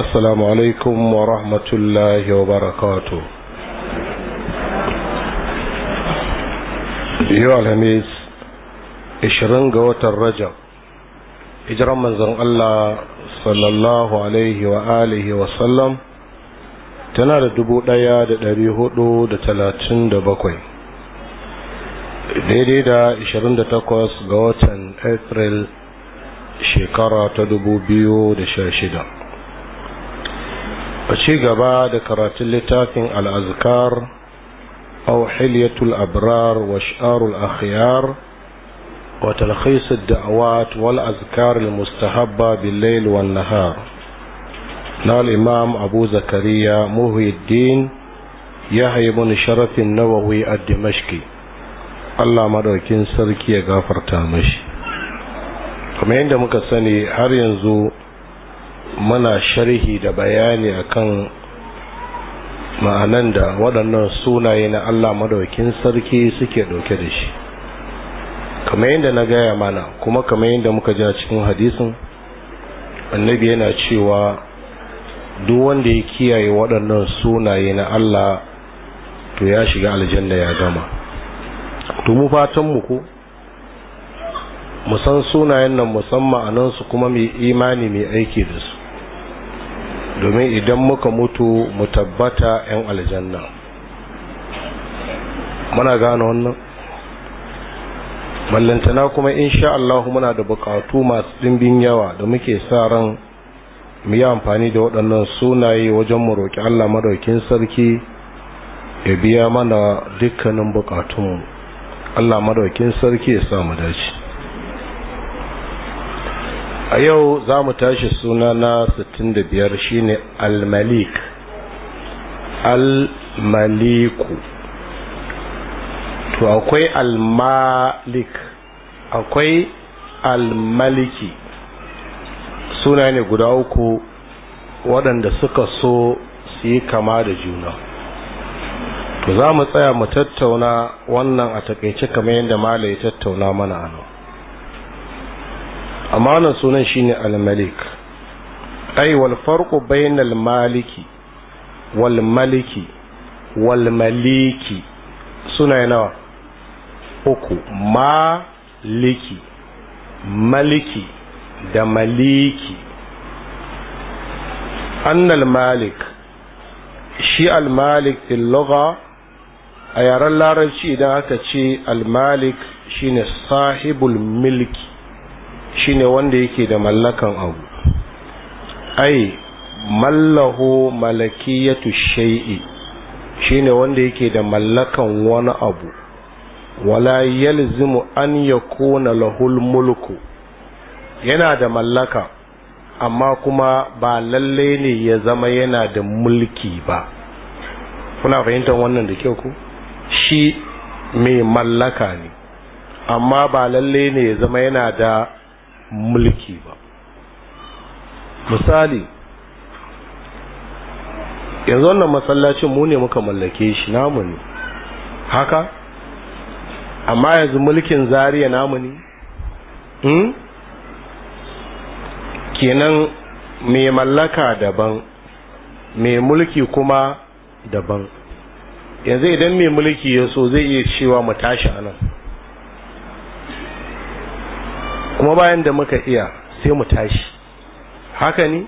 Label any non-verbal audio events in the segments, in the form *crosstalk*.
السلام عليكم ورحمة الله وبركاته يا الهميز اشرن قوة الرجب اجرم من زن الله صلى الله عليه وآله وسلم tana da dubu ɗaya da ɗari hudu da talatin da bakwai daidai da ashirin da takwas ga watan april shekara ta dubu biyu da sha shida a ci gaba da karatun littafin al'azkar Aw. hilyatul abrar wa sha'arul akhyar wa talkhis daawat wal azkar mustahabba bil wan nahar na al-imam Abu Zakariya Muhyiddin ya ibn sharafin an-Nawawi a Dimashki. Allah maɗaukin sarki ya gafarta mashi kamar yadda muka sani har yanzu muna sharhi da bayani akan ma'anan da waɗannan sunaye na Allah madaukin sarki suke ɗauke da shi kamar yadda na gaya mana kuma kamar yadda muka a cikin hadisin annabi yana cewa duk wanda ya kiyaye waɗannan sunaye na Allah to ya shiga aljanna ya gama to mu fatan mu ko mu san sunayen nan musamman anan su kuma mai imani mai aiki da su domin idan muka mutu mu tabbata 'yan aljanna muna gane wannan mallantana kuma insha Allah muna da bukatu masu dimbin yawa da muke sa ran mu yi amfani da waɗannan sunaye wajen mu roƙi Allah madaukin sarki ya biya mana dukkanin bukatunmu Allah madaukin sarki ya sa mu dace a yau za mu tashi suna na 65 shine al-malik al-maliku to akwai al-malik akwai al-maliki suna ne guda uku waɗanda suka so su yi kama da juna to za mu tsaya mu tattauna wannan a takaice kamar yadda mala ya tattauna mana a amma sunan shine al-malik ai wal farqu bainal maliki wal maliki wal maliki suna nawa uku maliki maliki da maliki annal malik shi al-malik fil lugha a yaren larabci idan aka ce al-malik shine sahibul milki shine wanda yake da mallakan abu ai mallahu malakiyatu shay'i shine wanda yake da mallakan wani abu wala yalzimu an yakuna lahul mulku yana da mallaka amma kuma ba lalle ne ya zama yana da mulki ba kuna fahimtar wannan da kyau ku shi mai mallaka ne amma ba lalle ne ya zama yana da mulki ba misali yanzu wannan masallacin mu ne muka mallake shi namu ne haka amma yanzu mulkin zariya namu ne hmm? kenan mai mallaka daban mai mulki kuma daban yanzu idan mai mulki ya so zai iya cewa mu tashi anan kuma bayan da muka iya sai mu tashi haka ne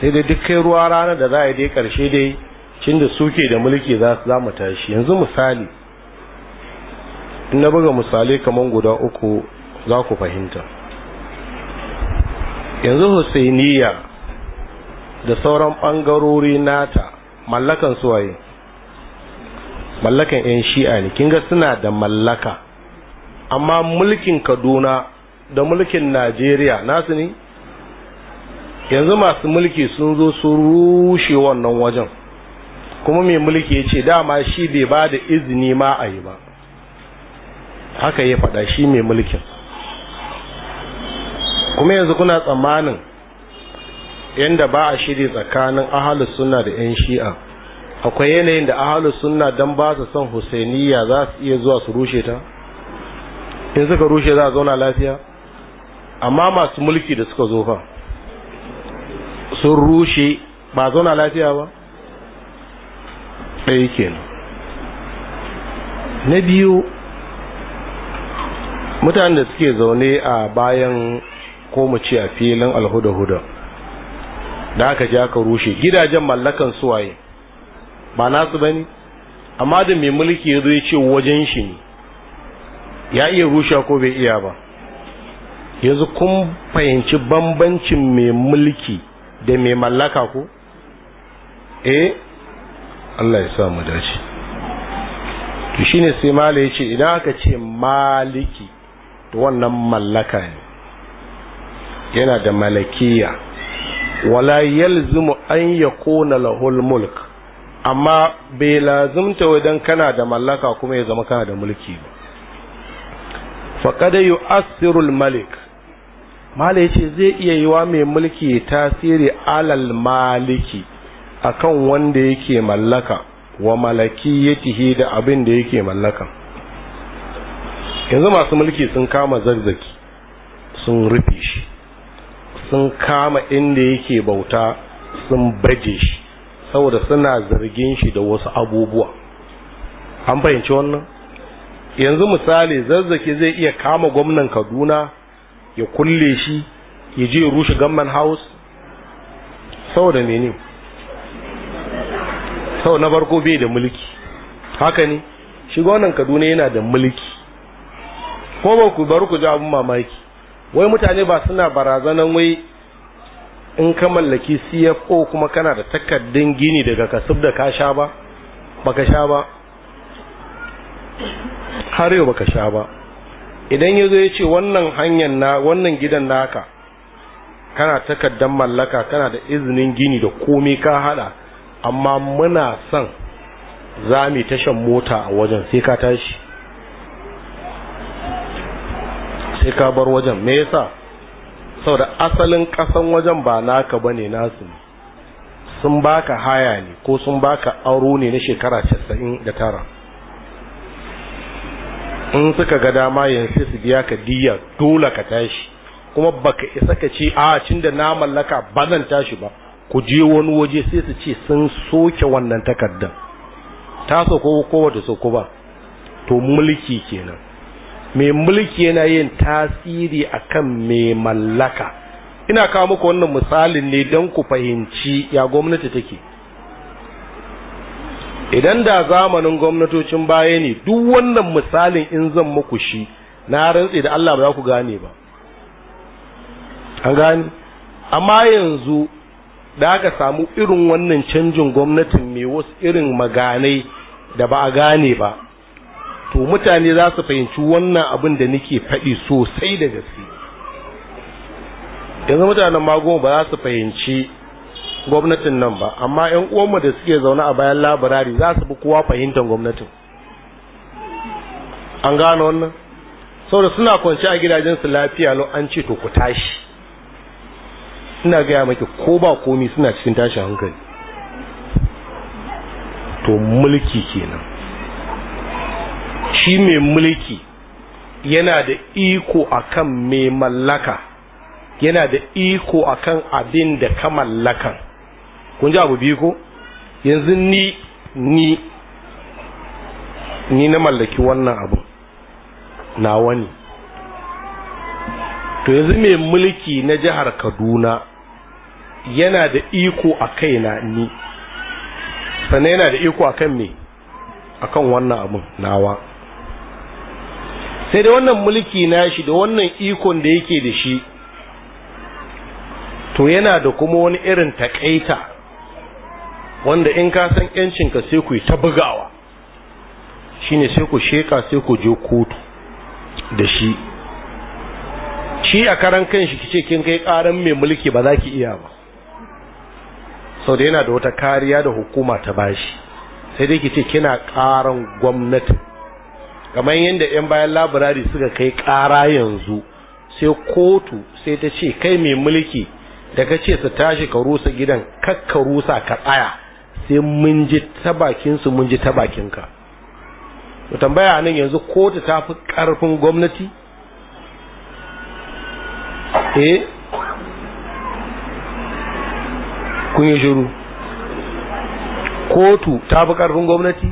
sai dai duk kai ruwa rana da za a yi dai karshe dai cin da suke da mulki za su za mu tashi yanzu misali in na buga misali kamar guda uku za ku fahimta yanzu husainiya da sauran ɓangarori nata mallakan suwaye mallakan 'yan shi'a ne kinga suna da mallaka amma mulkin kaduna da mulkin najeriya nasu ne yanzu masu mulki sun zo su rushe wannan wajen kuma mai mulki ya ce dama shi bai ba da izini ma a yi ba haka ya faɗa shi mai mulkin kuma yanzu kuna tsammanin yadda ba a shiri tsakanin ahalus suna da 'yan shi'a akwai yanayin da ahalus sunna don ba su son husainiya za su iya zuwa su rushe ta in suka rushe za a zauna lafiya amma masu mulki da suka zo fa sun rushe ba zauna lafiya ba ɗaya ke na biyu mutanen da suke zaune a bayan ko mu ce a filin alhuda-huda da aka ji aka rushe gidajen mallakan suwaye ba nasu ba ne amma da mai mulki ya zo ya ce wajen shi ne ya iya rushe ko bai iya ba yanzu kun fahimci bambancin mai mulki da mai mallaka ko eh Allah ya sa mu dace to shine sai mala yace idan aka ce maliki to wannan mallaka ne yana da malakiya wala yalzimu an yakuna lahul mulk amma bai lazumta wajen kana da mallaka kuma ya zama kana da mulki ba faqad yi al malik mala ya zai iya yi wa mai mulki tasiri alal maliki akan wanda yake mallaka wa malaki ya da abin da yake mallaka yanzu masu mulki sun kama zarzaki sun rufe shi sun kama inda yake bauta sun baje shi saboda suna zargin shi da wasu abubuwa an fahimci wannan yanzu misali zazzaki zai iya kama gwamnan kaduna ya kulle shi ya je ya rushe gamman house saboda mene sau na farko bai da mulki haka ne shiga wannan kaduna yana da mulki ko ba ku bari ku ji abin mamaki wai mutane ba suna barazanan wai in ka mallaki cfo kuma kana da takardun gini daga kasub da ka sha ba baka sha ba har yau baka sha ba idan ya zo ya ce wannan hanyar na wannan gidan naka kana takardar mallaka kana da izinin gini da komai ka hada amma muna son za mu tashan mota a wajen sai ka tashi sai ka bar wajen me yasa saboda asalin kasan wajen ba naka bane nasu sun baka haya ne ko sun baka aro ne na shekara 99 in suka ga dama yanzu su biya ka diya dole ka tashi kuma baka isa ka ce a cin da na mallaka ba zan tashi ba ku je wani waje sai su ce sun soke wannan takardar ta so ko wata ko ba to mulki kenan mai mulki yana yin tasiri akan mai mallaka ina kawo muku wannan misalin ne don ku fahimci ya gwamnati take idan da zamanin gwamnatocin baya ne duk wannan misalin in zan muku shi na rantsi da Allah ba za ku gane ba an gane amma yanzu da aka samu irin wannan canjin gwamnatin mai wasu irin maganai da ba a gane ba to mutane za su fahimci wannan abin da nake faɗi sosai da gaske yanzu mutanen magoma ba za su fahimci gwamnatin nan ba amma yan uwanmu da suke zaune a bayan labarari za su bi kowa fahimtar gwamnatin an gane wannan saboda suna kwanci a gidajensu lafiya lau an ce to ku tashi ina gaya maki ko ba komi suna cikin tashi hankali to mulki kenan shi mai mulki yana da iko akan mai mallaka yana da iko akan abin da ka mallakan kun ji abu biyu ko yanzu ni ni ni na mallaki wannan abu na wani to yanzu mai mulki na jihar kaduna yana da iko a kaina ni sannan yana da iko a kan me a kan wannan abin nawa sai da wannan mulki na shi da wannan ikon da yake da shi to yana da kuma wani irin takaita wanda in ka san yancinka sai ku yi ta bugawa shine sai ku sheka sai ku je kotu da shi shi a karan kanshi kice kin kai karan mai mulki ba za ki iya ba sau da yana da wata kariya da hukuma ta bashi sai dai kice kina karan gwamnati kamar yadda 'yan bayan labarari suka kai kara yanzu sai kotu sai ta ce kai mai mulki da ka ce su tashi ka rusa gidan kakka rusa ka tsaya sai mun ji ta bakinsu mun ji ta bakinka to tambaya nan yanzu kotu ta fi karfin gwamnati eh kun yi shiru kotu ta fi karfin gwamnati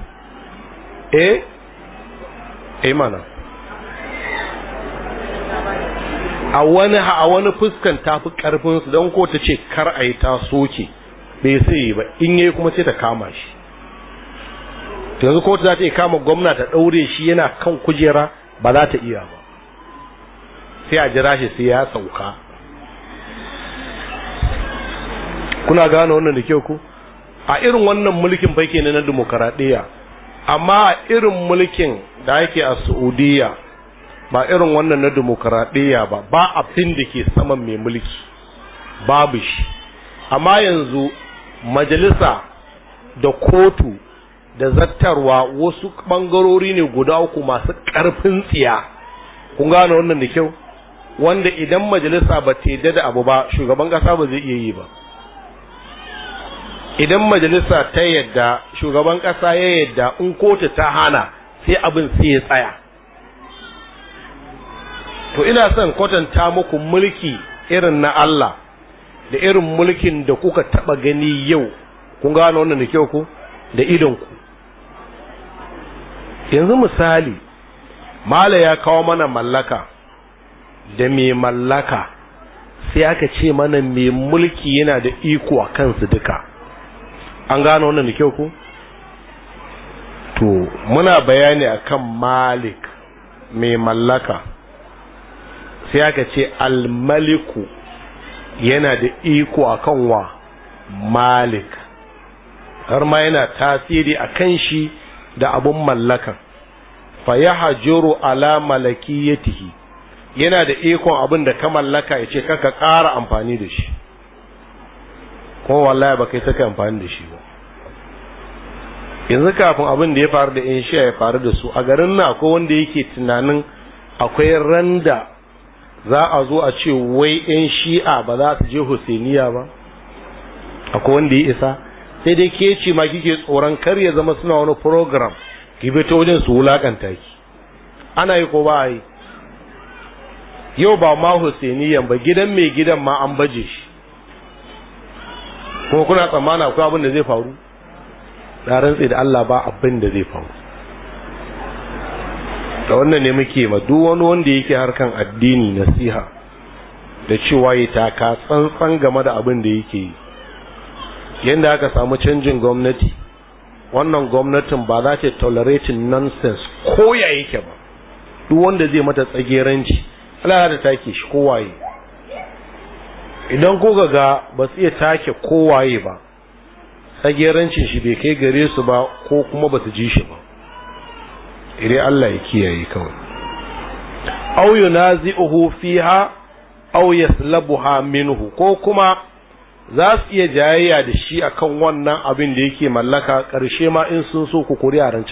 eh eh mana a wani a wani fuskan ta fi karfin su don kotu ce kar a yi ta soke bai sai ba in yayi kuma sai ta kama shi to yanzu kotu za ta iya kama gwamna ta daure shi yana kan kujera ba za ta iya ba sai a jira shi sai ya sauka kuna gane wannan da kyau ku a irin wannan mulkin ba ne na demokaradiyya amma a irin mulkin da yake a saudiya ba irin wannan na demokaradiyya ba ba abin da ke saman mai mulki babu shi amma yanzu majalisa da kotu da zattarwa wasu bangarori ne guda uku masu ƙarfin tsiya kun gane wannan da kyau wanda idan majalisa ba ta da abu ba shugaban kasa ba zai iya yi ba idan majalisa ta yadda shugaban ƙasa ya yadda in kotu ta hana sai abin sai ya tsaya to ina son kwatanta muku mulki irin na Allah da irin mulkin da kuka taba gani yau kun gano wannan da kyau ku da idon ku yanzu misali mala ya kawo mana mallaka da mai mallaka sai aka ce mana mai mulki yana da iko a kansu duka an gano wannan da kyau ku to muna bayani akan malik mai mallaka sai aka ce almaliku yana da iko akan wa malik har ma yana tasiri a kan shi da abun mallakan fa yahjuru ala malakiyatihi yana da ikon abin da ka mallaka ya ce kaka ƙara amfani da shi kuma wallahi ba kai amfani da shi ba yanzu kafin abin da ya faru da yan ya faru da su a garin na akwai wanda yake tunanin akwai randa za a zo a ce wai 'yan shi'a ba za su je hussainiya ba akwai wanda ya isa sai dai ke ce ma kike tsoron kar ya zama suna wani program ki bi ta wajen su wulakanta ki ana yi ko ba a yi yau ba ma hussainiyan ba gidan mai gidan ma an baje shi kuma kuna tsammana akwai abin da zai faru na rantse da Allah ba abin da zai faru da wannan ne muke ma duk wani wanda yake harkan addini nasiha da cewa ya taka tsantsan game da abin da yake yi yadda aka samu canjin gwamnati wannan gwamnatin ba za ta tolerating nonsense ko ya yake ba duk wanda zai mata tsageranci alaƙa ta take shi kowaye idan ko ga ba su iya take kowaye ba tsagerancin shi bai kai gare su ba ko kuma ba su ji shi ba Iri Allah ya kiyaye kawai aw yunazi'uhu fiha aw yaslabuha minhu ko kuma za su iya jayayya da shi akan wannan abin da yake mallaka karshe ma in sun so ku kuri can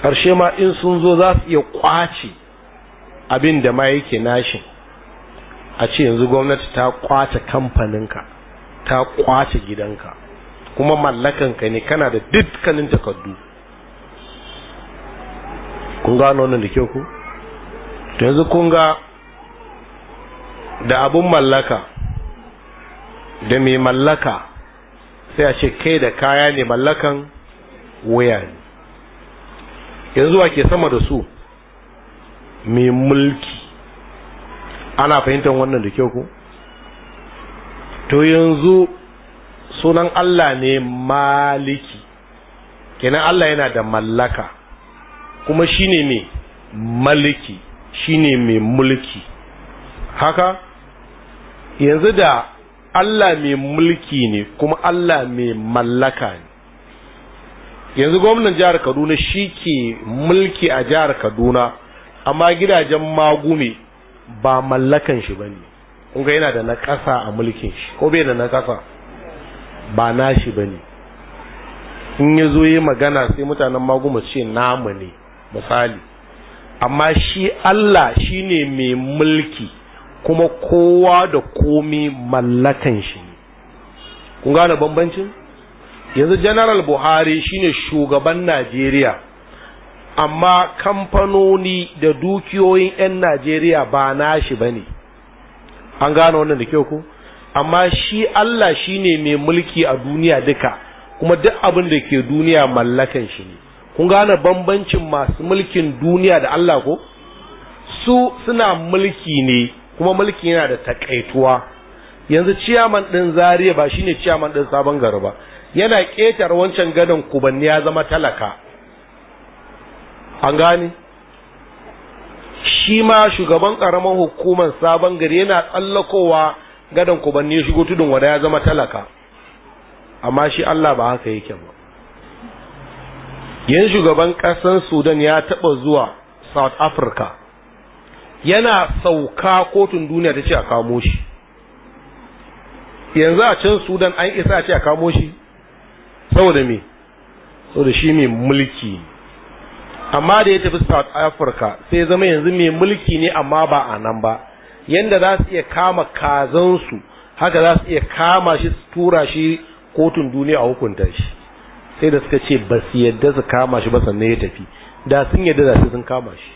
karshe ma in sun zo za su iya kwace abin da ma yake nashin a ce yanzu gwamnati ta kwace kamfaninka ta kwace gidanka kuma mallakanka ne kana da dukkanin takardu kun gano wannan da kyau ku yanzu kun ga da abun mallaka da mai mallaka sai a ce kai da kaya ne mallakan waya ne yanzu wa ke sama da su mai mulki ana fahimtar wannan da kyau ku to yanzu sunan Allah ne maliki kenan Allah yana da mallaka kuma shine mai maliki shine mai mulki haka yanzu da Allah mai mulki ne kuma Allah mai mallaka ne yanzu gwamnan jihar Kaduna shi ke mulki a jihar Kaduna amma gidajen magume ba mallakan shi ba ne ga yana da na ƙasa a mulkin shi ko bai da na ƙasa ba na shi ba ne in ya zo yi magana sai mutanen magume ce namu ne misali amma shi Allah shi ne mai mulki kuma kowa da komi mallakan shi kun gane bambancin yanzu general buhari shine shugaban najeriya amma kamfanoni da dukiyoyin 'yan najeriya ba nashi ba ne an gane wannan da kyau ku amma shi allah shine mai mulki a duniya duka kuma duk abin da ke duniya mallakan shi ne kun gane bambancin masu mulkin duniya da Allah ko su suna mulki ne kuma mulki yana da takaituwa yanzu ciyaman ɗin zariya ba shine ciyaman ɗin sabon gari ba yana ketar wancan gadon kubanni ya zama talaka an gane shi ma shugaban ƙaramin hukumar sabon gari yana tsallakowa gadon kubanni ya shigo tudun wada ya zama talaka amma shi Allah ba haka yake ba yan shugaban ƙasar sudan ya taɓa zuwa south africa yana sauka kotun duniya ta ce a kamo shi yanzu a can sudan an isa a ce a kamo shi saboda me saboda shi mai mulki amma da ya tafi south africa sai zama yanzu mai mulki ne amma ba a nan ba yadda za su iya kama kazansu haka za su iya kama shi tura shi kotun duniya a hukunta shi sai da suka ce ba su yadda su kama shi ba sannan ya tafi da sun yadda za su sun kama shi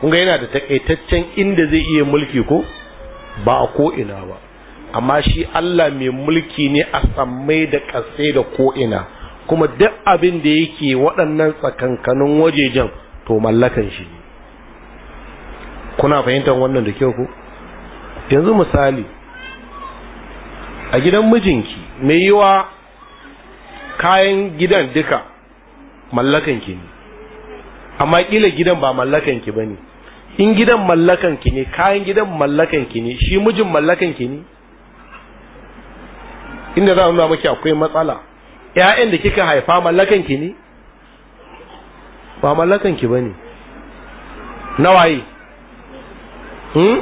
kunga yana da takaitaccen inda zai iya mulki ko ba a ko'ina ba amma shi Allah mai mulki ne a samai da ƙasai da ko'ina kuma duk abin da yake waɗannan tsakankanin wajejen to mallakan shi ne kuna fahimtar wannan da kyau ko yanzu misali a gidan mijinki mai yiwa kayan gidan duka mallakan ki ne amma kila gidan ba mallakan ki bane in gidan mallakan ki ne kayan gidan mallakan ki ne shi mijin mallakan ki ne inda za a nuna maki akwai matsala ƴaƴan da kika haifa mallakan ki ne ba mallakan ki bane nawaye hmm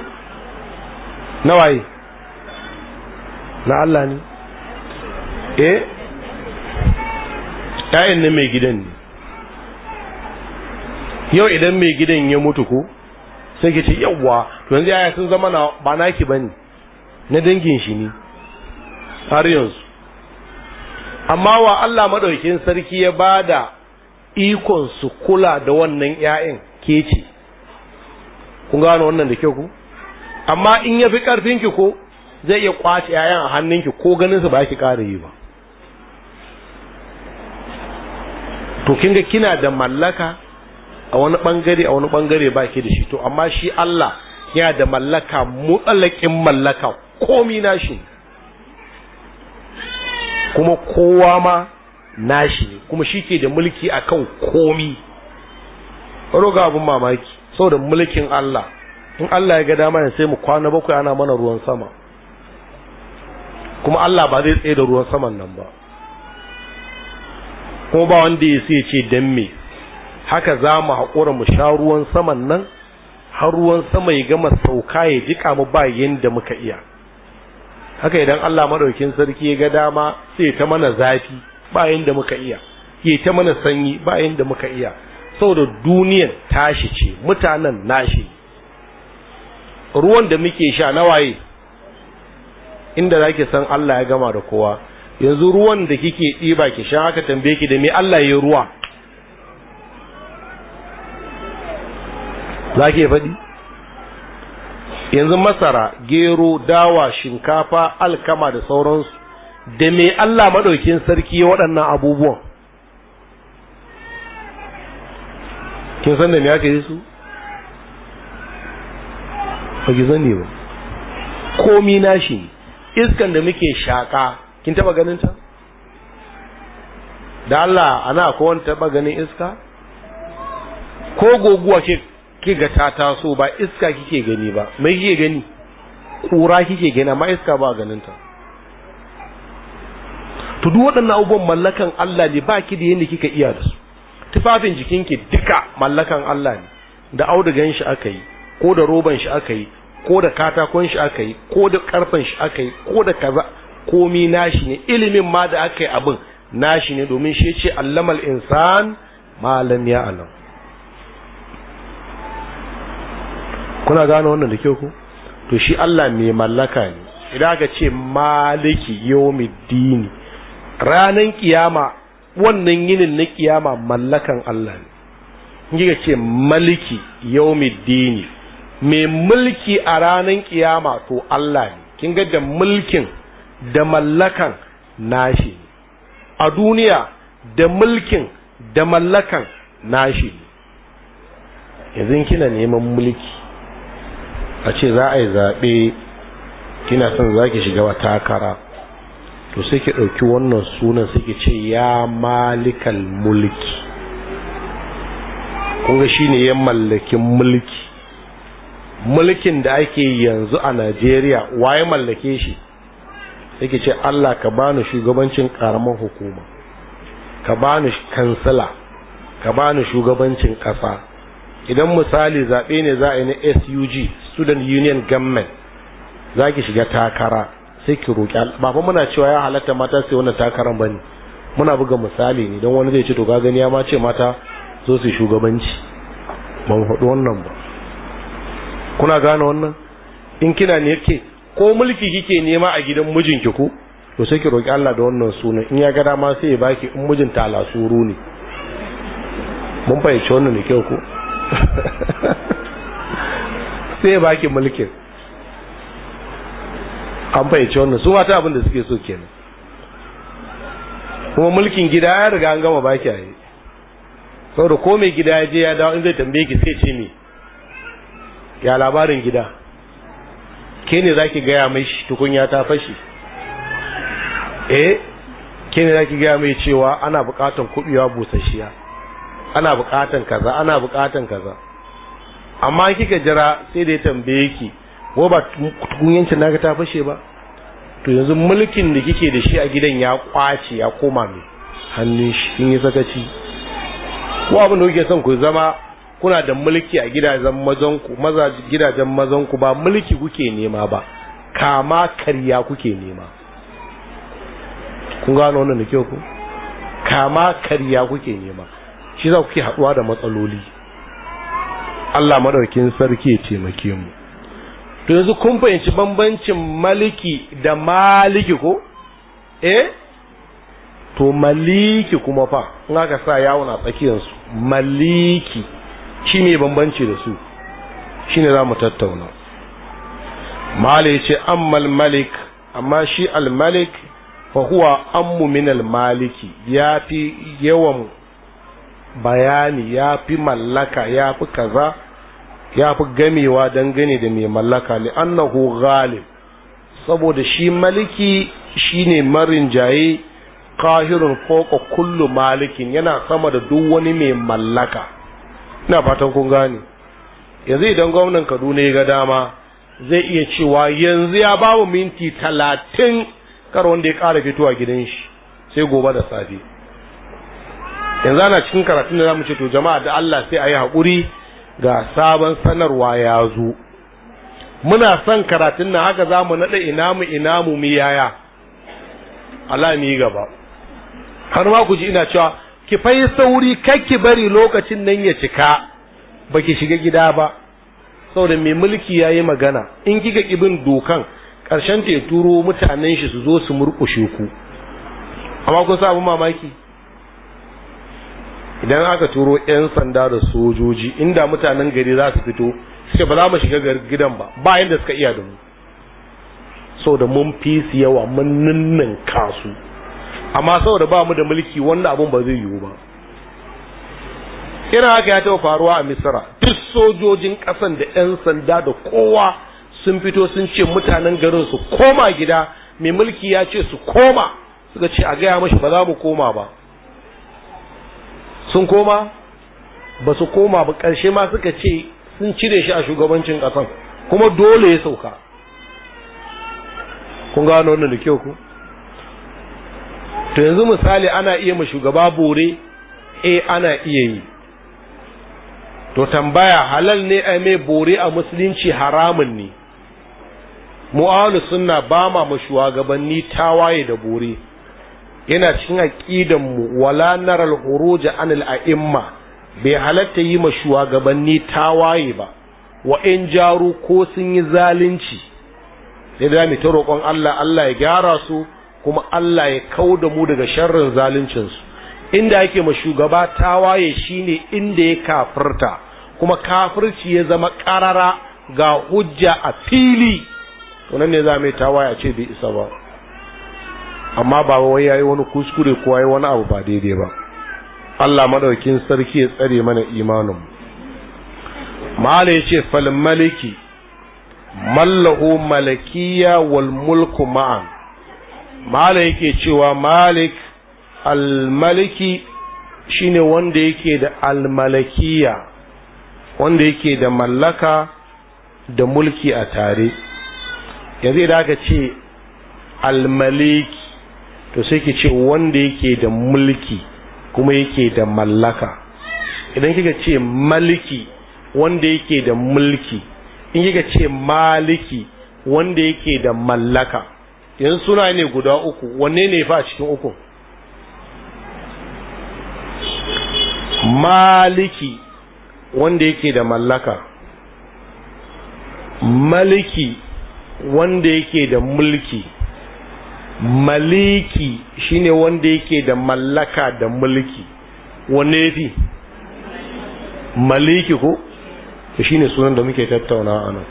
nawaye na Allah ne eh ƴaƴan na mai gidan ne yau idan mai gidan ya mutu ko sai ke ce yawwa to yanzu yaya sun zama na ba naki bane na dangin shi ne har yanzu amma wa Allah madaukin sarki ya ba da ikon su kula da wannan ƴaƴan ke ce kun gano wannan da kyau ku amma in ya fi ƙarfinki ko zai iya kwace ƴaƴan a hannunki ko ganin su ba ki ƙara yi ba to kin ga kina da mallaka a wani bangare a wani bangare ba ki da shi to amma shi Allah ya da mallaka mutsalakin mallaka komi nashi kuma kowa ma nashi kuma shi ke da mulki a kan komi roga abin mamaki saboda mulkin Allah in Allah ya ga dama ne sai mu kwana bakwai ana mana ruwan sama kuma Allah ba zai tsaye da ruwan saman nan ba ko ba wanda ya sai ce dan me haka za mu haƙura mu sha ruwan saman nan har ruwan sama ya gama sauka ya jika mu ba yanda muka iya haka idan Allah madaukin sarki ya ga dama sai ta mana zafi ba yanda muka iya ya ta mana sanyi ba yanda muka iya saboda duniyar tashi ce mutanen nashi ruwan da muke sha na waye inda zake san Allah ya gama da kowa yanzu ruwan da kike ɗiba ki sha aka tambaye ki da me Allah ya ruwa za ke faɗi yanzu masara gero dawa shinkafa alkama da sauransu da me Allah maɗaukin sarki waɗannan abubuwan kin san da me aka yi su ba ki ne ba komi nashi iskan da muke shaƙa kin taba ganin ta da Allah ana ko wani taba ganin iska ko goguwa ke ke ga ta taso ba iska kike gani ba mai kike gani kura kike gani amma iska ba ganin ta to duk waɗannan abubuwan mallakan Allah ne ba ki da yadda kika iya da su tufafin jikinki duka mallakan Allah ne da audugan shi aka yi ko da roban shi aka yi ko da katakon shi aka yi ko da karfan shi aka yi ko da kaza komi nashi ne ilimin ma da aka yi abin nashi ne domin shi ce allamal insan malam ya alam kuna gane wannan da kyau ku to shi Allah mai mallaka ne idan aka ce maliki yawmiddini ranan kiyama wannan yinin na kiyama mallakan Allah ne ka ce maliki yawmiddini mai mulki a ranan kiyama to Allah ne kin ga da mulkin da mallakan nashi a duniya da mulkin da mallakan nashi yanzu kina neman mulki a ce za a yi zaɓe kina son za ki shiga wa takara to sai ki ɗauki wannan sunan sai ki ce ya malikan mulki kunga shi ne ya mallakin mulki mulkin da ake yanzu a najeriya waye mallake shi yake ce Allah ka bani shugabancin karamar hukuma ka bani kansila ka bani shugabancin kasa idan misali zaɓe ne za a yi na SUG Student Union Government za ki shiga takara sai ki roƙi ba muna cewa ya halatta mata sai wannan takaran bane ne muna buga misali ne idan wani zai ci to ga gani ya ma ce mata zo su shugabanci ban hudu wannan ba kuna gane wannan in kina ne yake ko mulki kike nema a gidan mijinki ku to sai ki roki Allah da wannan sunan in ya ga dama sai ya baki in mijinta alasuru ne mun fahimci wannan ne kyau ko *laughs* sai ya baki mulkin an fahimci wannan su mata abin da suke so kenan kuma mulkin gida ya riga an gama baki a yi saboda ko mai gida ya je ya dawo in zai tambaye ki sai ce ni. ya labarin gida ke ne za ki gaya mai shi tukunya ta fashi eh ke ne za ki gaya mai cewa ana bukatan kubewa busasshiya ana bukatan kaza ana bukatan kaza amma kika jira sai da ya tambaye ki ko ba na naka ta fashe ba to yanzu mulkin da kike da shi a gidan ya kwace ya koma mai hannun shi in yi sakaci ko abin da kuke son ku zama kuna da mulki a gidajen mazanku maza gidajen mazanku ba mulki kuke nema ba kama karya kuke nema kun gano wannan kyau ku kama karya kuke nema shi za ku ke haɗuwa da matsaloli Allah madaukin sarki ya taimake mu to yanzu kun fahimci bambancin maliki da maliki ko eh to maliki kuma fa in aka sa yawon a tsakiyarsu maliki shi ne bambanci da su shi ne za mu tattauna mala ya ce ammal malik amma shi Almalik fahuwa fa ammu min maliki ya fi yawan bayani ya fi mallaka ya fi kaza ya fi gamewa dangane da mai mallaka li'annahu ghalib saboda shi maliki ne marin jaye kahirun koko kullu malikin yana sama da duk wani mai mallaka ina fatan kun gane yanzu idan gwamnan kaduna ya ga dama zai iya cewa yanzu ya ba minti talatin kar wanda ya kara fitowa gidan shi sai gobe da safe yanzu ana cikin karatun da zamu ce to jama'a da Allah sai ayi yi haƙuri ga sabon sanarwa ya zo muna son karatun nan haka zamu mu naɗa mu ina mu yaya Allah mu gaba har ma ku ji ina cewa ki fai sauri ki bari lokacin nan ya cika baki shiga gida ba saboda mai mulki ya yi magana in kika kibin dokan ƙarshen ta ya turo mutanen shi su zo su murƙushe ku amma kun sa abin mamaki idan aka turo 'yan sanda da sojoji inda mutanen gari za su fito suke ba za mu shiga gidan ba ba yadda suka iya da mu so da mun fi su yawa mun ninnin kasu amma saboda ba mu da mulki wannan abun ba zai yiwu ba irin haka ya taɓa faruwa a misira duk sojojin ƙasan da 'yan sanda da kowa sun fito sun ce mutanen garin su koma gida mai mulki ya ce su koma suka ce a gaya mashi ba za mu koma ba sun koma ba su koma ba ƙarshe ma suka ce sun cire shi a shugabancin kasan, kuma dole ya sauka kun gano wannan da kyau ku to yanzu misali ana iya ma shugaba bore eh ana iya yi to tambaya halal ne a mai bore a musulunci haramun ne mu'alu sunna ba ma ma shugabanni tawaye da bore yana cikin aqidan mu wala naral khuruj anil a'imma bai halatta yi ma shugabanni tawaye ba wa in jaru ko sun yi zalunci da mu ta roƙon Allah Allah ya gyara su kuma Allah ya kau da mu daga sharrin zaluncinsu inda yake ma shugaba tawaye shine inda ya kafirta kuma kafirci ya zama karara ga hujja a fili wannan ne za mai tawaye a ce bai isa ba amma ba wai yayi wani kuskure ko yayi wani abu ba daidai ba Allah madaukin sarki ya tsare mana imanin mala yace fal maliki mallahu malakiya wal mulku ma'an mala yake cewa malik almaliki shine wanda yake da almalakiya wanda yake da mallaka da mulki a tare yanzu idan aka ce almaliki to sai ki ce wanda yake da mulki kuma yake da mallaka idan kika ce maliki wanda yake da mulki in kika ce maliki wanda yake da mallaka yanzu suna ne guda uku wanne ne fa a cikin uku maliki wanda yake da mallaka maliki wanda yake da mulki maliki shine wanda yake da mallaka da mulki wanne yafi maliki ko shine sunan da muke tattauna a nan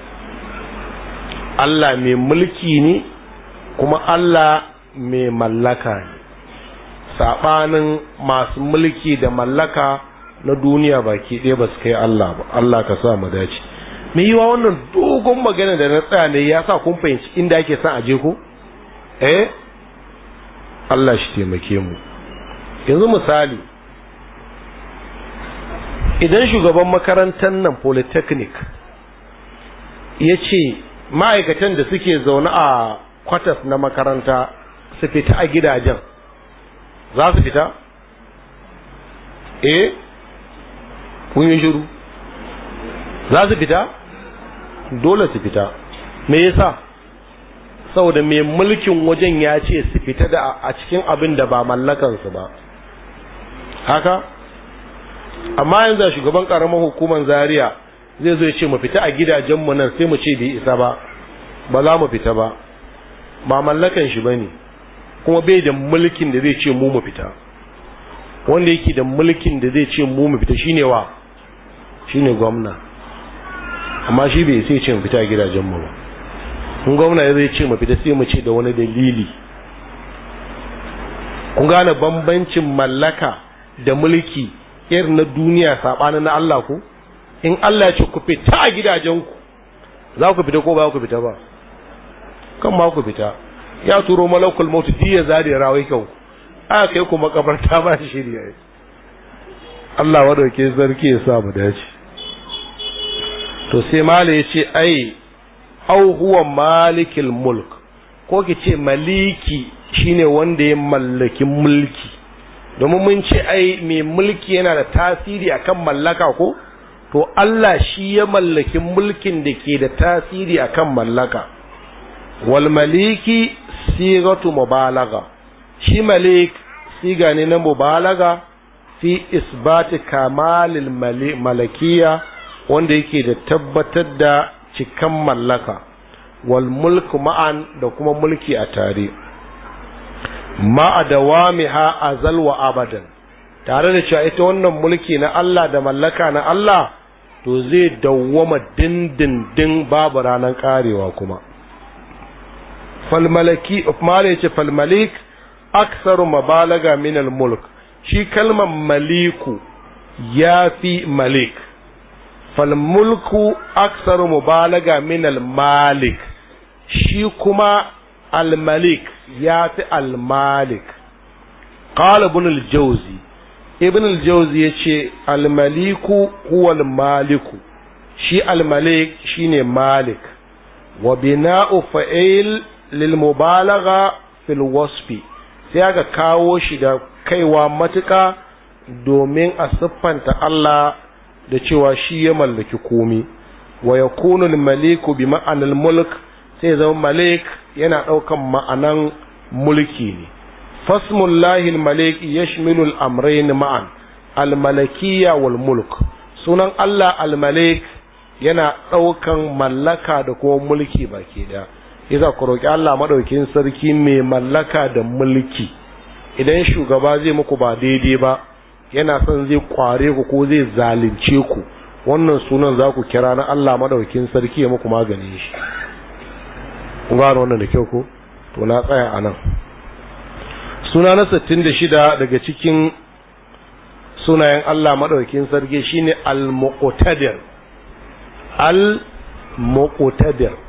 Allah mai mulki ne kuma Allah mai mallaka ne saɓanin masu mulki da mallaka na duniya baki ɗaya ba su kai Allah ba Allah ka sa mu dace me yiwa wannan dogon magana da na tsaya ne ya sa kun fahimci inda ake son aje ko eh Allah shi taimake mu yanzu misali idan shugaban makarantar nan polytechnic ya ce ma'aikatan da suke zaune a kwatas na makaranta su fita a gidajen za su fita eh kun yi za su fita dole su fita me yasa saboda mai mulkin wajen ya ce su fita da a cikin abin da ba mallakansu ba haka amma yanzu a shugaban karamar hukumar Zariya zai zo ya ce mu fita a gidajenmu nan sai mu ce bai isa ba ba za mu fita ba ba mallakan shi ba ne kuma bai da mulkin da zai ce mu mu fita wanda yake da mulkin da zai ce mu mu fita ne wa shi ne gwamna amma shi bai sai ce mu fita gidajen mu ba kun gwamna ya zai ce mu fita sai mu ce da wani dalili kun gane bambancin mallaka da mulki irin na duniya sabanin na Allah ku in Allah ya ce ku fita a gidajen ku za ku fita ko ba ku fita ba kan ma ku fita ya turo malakul mautu duk ya zare rawai kyau a kai ku makabarta ba shi shirya Allah dauke sarki ya sa mu dace to sai mala ya ce ai au huwa malikil mulk ko ki ce maliki shine wanda ya mallaki mulki domin mun ce ai mai mulki yana da tasiri akan mallaka ko to Allah shi ya mallaki mulkin da ke da tasiri akan mallaka Walmaliki maliki sigatu mubalaga shi malik siga ne na mubalaga fi isbati kamalil malakiya wanda yake da tabbatar da cikan mallaka wal mulku ma'an da kuma mulki a tare ma'a ha azal wa abadan tare da cewa ita wannan mulki na Allah da mallaka na Allah to zai dawwama dindindin babu ranar karewa kuma falmalaki mala yace falmalik aksaru mabalaga minal mulk shi kalmar maliku ya fi malik falmulku aksaru mubalaga minal malik shi kuma almalik ya fi almalik قال ابن الجوزي yace almaliku يشي المليك هو المالك شي الملك شيني مالك وبناء fa'il. lil mubalagha fil wasfi sai aka kawo shi da kaiwa matuka domin a siffanta Allah da cewa shi ya mallaki komi wa yakunu maliku bi ma'anar mulk sai zama malik yana ɗaukan ma'anan mulki ne fasmullahi al malik yashmilu al amrayn ma'an al malakiyya wal mulk sunan Allah al yana ɗaukan mallaka da kuma mulki baki daya yasa ku roki Allah madaukin sarki mai mallaka da mulki idan shugaba zai muku ba daidai ba yana son zai kware ku ko zai zalunce ku wannan sunan za ku kira na Allah madaukin sarki ya muku maganin shi kun gano wannan da kyau ko to na tsaya a nan suna na 66 daga cikin sunayen Allah madaukin sarki shine al-muqtadir al-muqtadir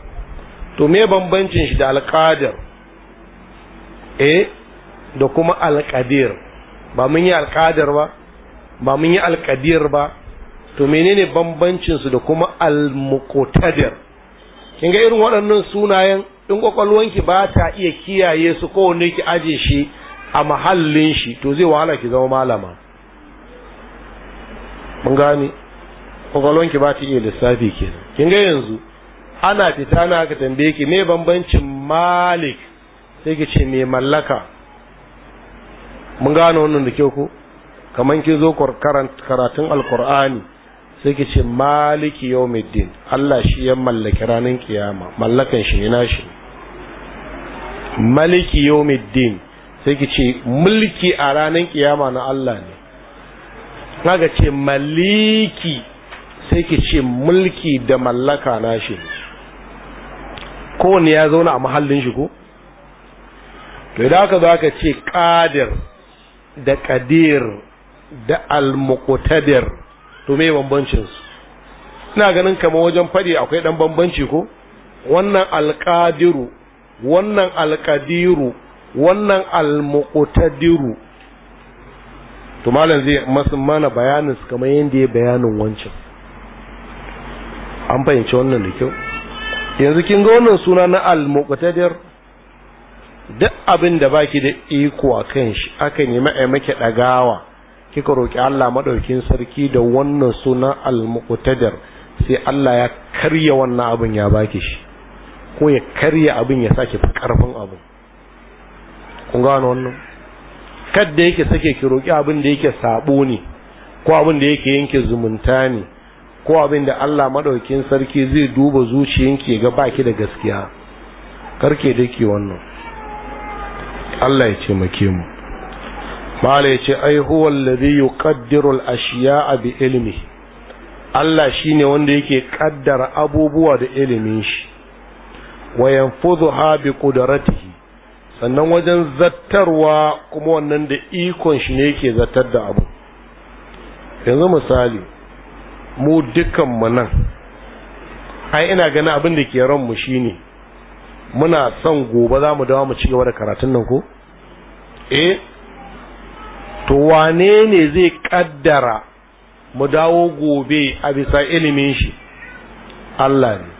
to me bambancin shi da alƙadir eh da kuma alƙadir ba mun yi alƙadir ba ba mun yi alƙadir ba to menene bambancin su da kuma almuqtadir kin ga irin waɗannan sunayen in kwakwalwanki ba ta iya kiyaye su kowanne ki aje shi a mahallin shi to zai wahala ki zama malama mun gane kwakwalwanki ba ta iya lissafi kenan kin ga yanzu ana fita na aka tambaye ki me bambancin malik sai ki ce mai mallaka mun gane wannan da kyau ko kaman ki zo karatun alkur'ani sai ki ce maliki yawmiddin Allah shi ya mallaki ranar kiyama mallakan shi ne nashi maliki yawmiddin sai ki ce mulki a ranar kiyama na Allah ne kaga ce maliki sai ki ce mulki da mallaka nashi ne kowanne ya zauna a mahallin shi ko to idan aka zo aka ce qadir da qadir da al-muqtadir to me bambancin su ina ganin kamar wajen fadi akwai dan bambanci ko wannan al-qadiru wannan al-qadiru wannan al-muqtadiru to malam zai masu mana bayanin su kamar yadda ya bayanin wancan an fahimci wannan da kyau yanzu kin ga wannan suna na al-muqtadir duk abin da baki da iko a kan shi aka nemi a maki dagawa kika roki Allah madaukin sarki da wannan suna al-muqtadir sai Allah ya karya wannan abin ya baki shi ko ya karya abin ya sake karfin abin kun ga wannan kadda yake sake ki roki abin da yake sabo ne ko abin da yake yanke zumunta ne ko abin da Allah madaukin sarki zai duba zuciyanki ga baki da gaskiya karke dake wannan Allah ya ce make mu mala ya ce ai huwa alladhi yuqaddiru al-ashya'a bi ilmi Allah shine wanda yake kaddara abubuwa da ilimin shi wa yanfudhuha bi qudratihi sannan wajen zattarwa kuma wannan da ikon shi ne yake zattar da abu yanzu misali mu dukanmu nan ai ina ganin abin da ke ranmu shine muna son gobe za mu dawo mu ci gaba da karatun nan ko eh to wane ne zai kaddara mu dawo gobe a bisa ilimin shi Allah ne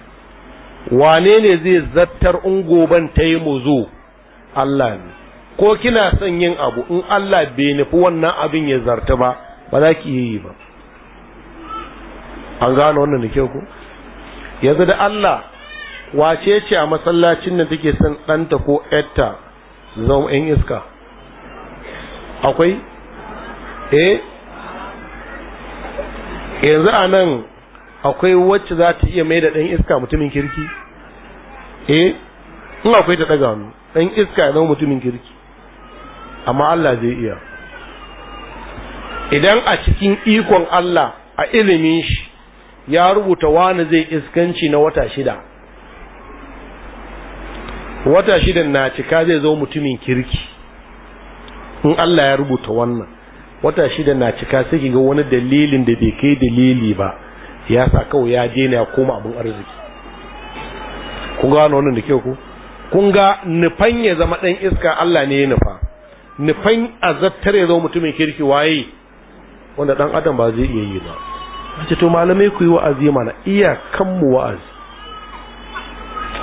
wane ne zai zattar in goben ta mu zo Allah ne ko kina son yin abu in Allah bai nufi wannan abin ya zarta ba ba za ki yi ba an gano wannan da kyau ko yanzu da Allah wace ce a masallacin da take son ɗanta ko ƴarta zama in iska akwai eh yanzu a nan akwai wacce za ta iya mai da ɗan iska mutumin kirki eh in akwai ta ɗaga hannu ɗan iska ya zama mutumin kirki amma Allah zai iya idan a cikin ikon Allah a ilimin shi ya rubuta wani zai iskanci na wata shida wata shidan na cika zai zo mutumin kirki in Allah ya rubuta wannan wata shida na cika sai ga wani dalilin da bai kai dalili ba ya sa kawai ya daina ya koma abin arziki kun gano wannan da kyau ku kun ga nufan ya zama dan iska Allah ne ya nufa nufan azabtar ya zo mutumin kirki waye wanda dan adam ba zai iya yi ba ce to malamai ku yi wa'azi mana kan mu wa'azi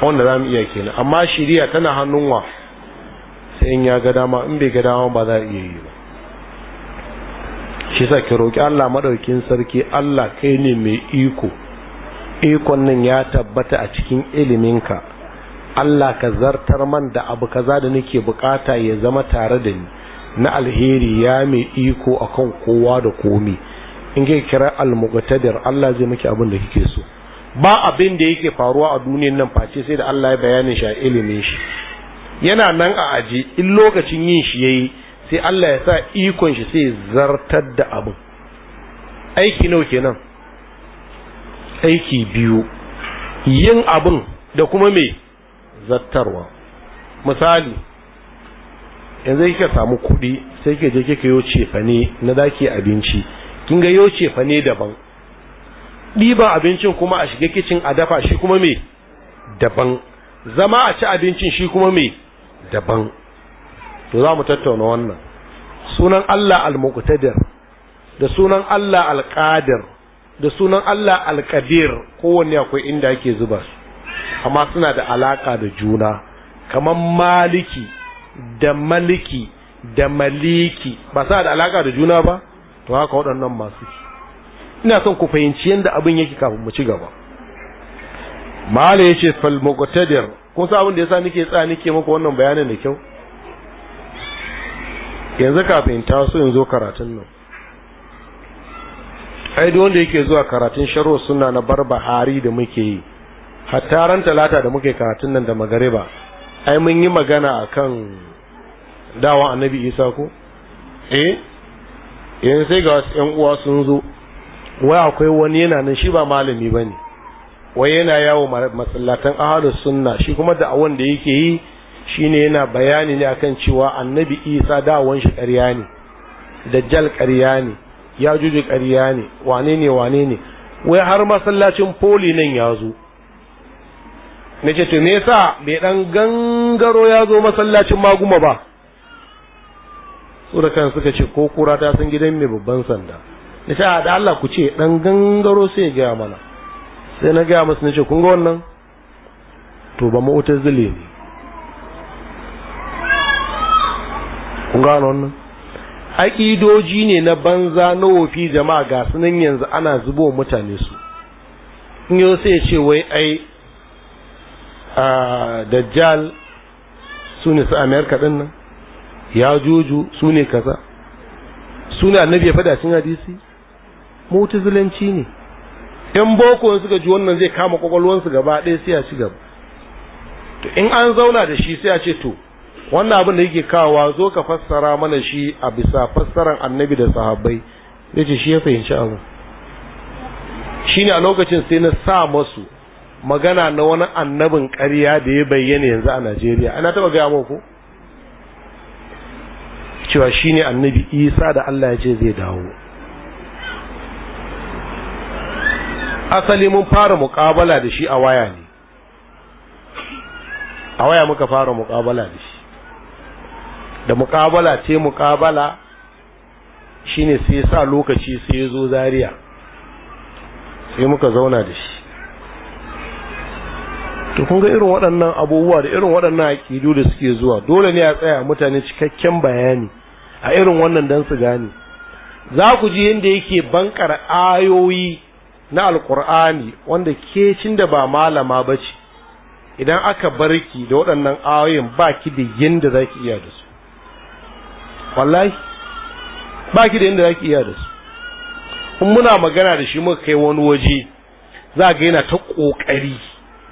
wanda za mu iya kenan amma shirya tana hannun wa sai in ya ga dama in bai ga dama ba za a iya yi ba shi sa ki roƙi Allah madaukin sarki Allah kai ne mai iko ikon nan ya tabbata a cikin iliminka Allah ka zartar man da abu kaza da nake bukata ya zama tare da ni na alheri ya mai iko akan kowa da komi in kai kira al-muqtadir Allah zai miki abin da kike so ba abin da yake faruwa a duniyar nan face sai da Allah ya bayani shi a ilimin shi yana nan a aji in lokacin yin shi yayi sai Allah ya sa ikon shi sai zartar da abin aiki nawa kenan aiki biyu yin abin da kuma me zattarwa misali yanzu kika samu kuɗi sai kika je kika yo cefane na daki abinci kin ga yoce fa ne daban ɗiban abincin kuma a shiga kicin a dafa shi kuma me daban zama a ci abincin shi kuma me daban to za mu tattauna wannan sunan Allah al-muqtadir da sunan Allah al-qadir da sunan Allah al-qadir kowanne akwai inda yake zuba su amma suna da alaka da juna kamar maliki da maliki da maliki ba sa da alaka da juna ba to haka waɗannan masu ina son ku fahimci yadda abin yake kafin mu ci gaba mala yace fal muqtadir ko san abin da yasa nake tsaya nake muku wannan bayanin da kyau yanzu kafin taso yanzu karatun nan ai duk wanda yake zuwa karatun sharh sunna na barbahari da muke yi hatta ran talata da muke karatun nan da magariba ai mun yi magana akan dawa annabi isa ko eh yanzu sai ga wasu yan uwa sun zo wai akwai wani yana nan shi ba malami ba ne wai yana yawo masallatan ahalus sunna shi kuma da awon da yake yi shine yana bayani ne akan cewa annabi isa dawon shi ƙarya ne dajjal ƙarya ne ya juju ƙarya ne wane ne wane ne wai har masallacin poli nan ya zo na ce to me yasa bai dan gangaro ya zo masallacin maguma ba su da kan suka ce ko kura ta san gidan mai babban sanda na ce a da Allah ku ce dan gangaro sai ya gaya mana sai na gaya masu na ce kun ga wannan to ba wuta zile ne kun ga wannan aƙidoji ne na banza na wofi jama'a ga su nan yanzu ana zubo mutane su in yau sai ce wai ai a dajjal su ne su amerika din nan ya juju su ne kaza su ne annabi ya faɗa cin hadisi mutazilanci ne yan boko suka ji wannan zai kama kwakwalwansu gaba ɗaya sai a ci gaba to in an zauna da shi sai a ce to wannan abin da yake kawowa zo ka fassara mana shi a bisa fassaran annabi da sahabbai zai ce shi ya fahimci abu ne a lokacin sai na sa masu magana na wani annabin karya da ya bayyana yanzu a Najeriya ana taba gaya ko cewa ne annabi isa da allah ya ce zai dawo asali mun fara muƙabala da shi a waya ne a waya muka fara muƙabala da shi da muƙabala ce muƙabala ne sai sa lokaci sai zo zariya sai muka zauna da shi to kun ga irin waɗannan abubuwa da irin waɗannan aƙidu da suke zuwa dole ne a tsaya mutane cikakken bayani a irin wannan dan su gane za ku ji yadda yake bankar ayoyi na alkur'ani wanda ke cin da ba malama ba ce idan aka barki da waɗannan ayoyin ba ki da yadda za ki iya da su wallahi ba ki da yadda za ki iya da su in muna magana da shi muka kai wani waje za a yana ta ƙoƙari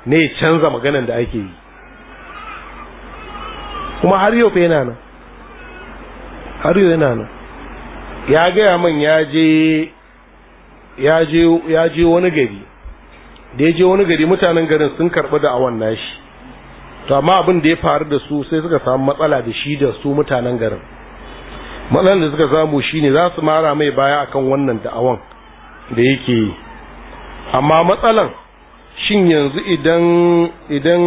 ne canza maganan da ake yi kuma har yau fa yana nan har yau yana nan ya gaya man ya je ya je wani gari da ya je wani gari mutanen garin sun karɓi da awon nashi to amma abin da ya faru da su sai suka samu matsala da shi da su mutanen garin matsalar da suka samu shine za su mara mai baya akan wannan da'awan da yake yi amma matsalan shin yanzu idan idan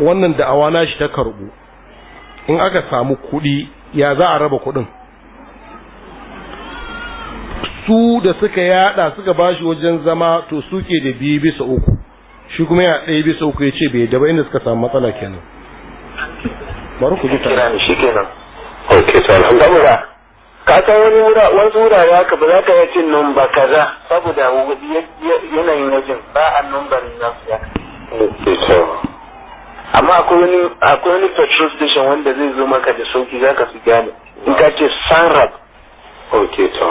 wannan da'awa shi ta karbu in aka samu kuɗi ya za a raba kuɗin su da suka yada suka bashi wajen zama to suke da biyu bisa uku shi kuma ya ɗaya bisa uku ya ce bai da inda suka samu matsala kenan bari ku ji ta shi kenan ok to alhamdulillah ka san wani wasu wurare ka ba za ka yace cin numba kaza saboda yanayin wajen ba a numbar na ya amma akwai wani akwai wani petrol station wanda zai zo maka da sauki ka fi gane in ka ce sanrab okay to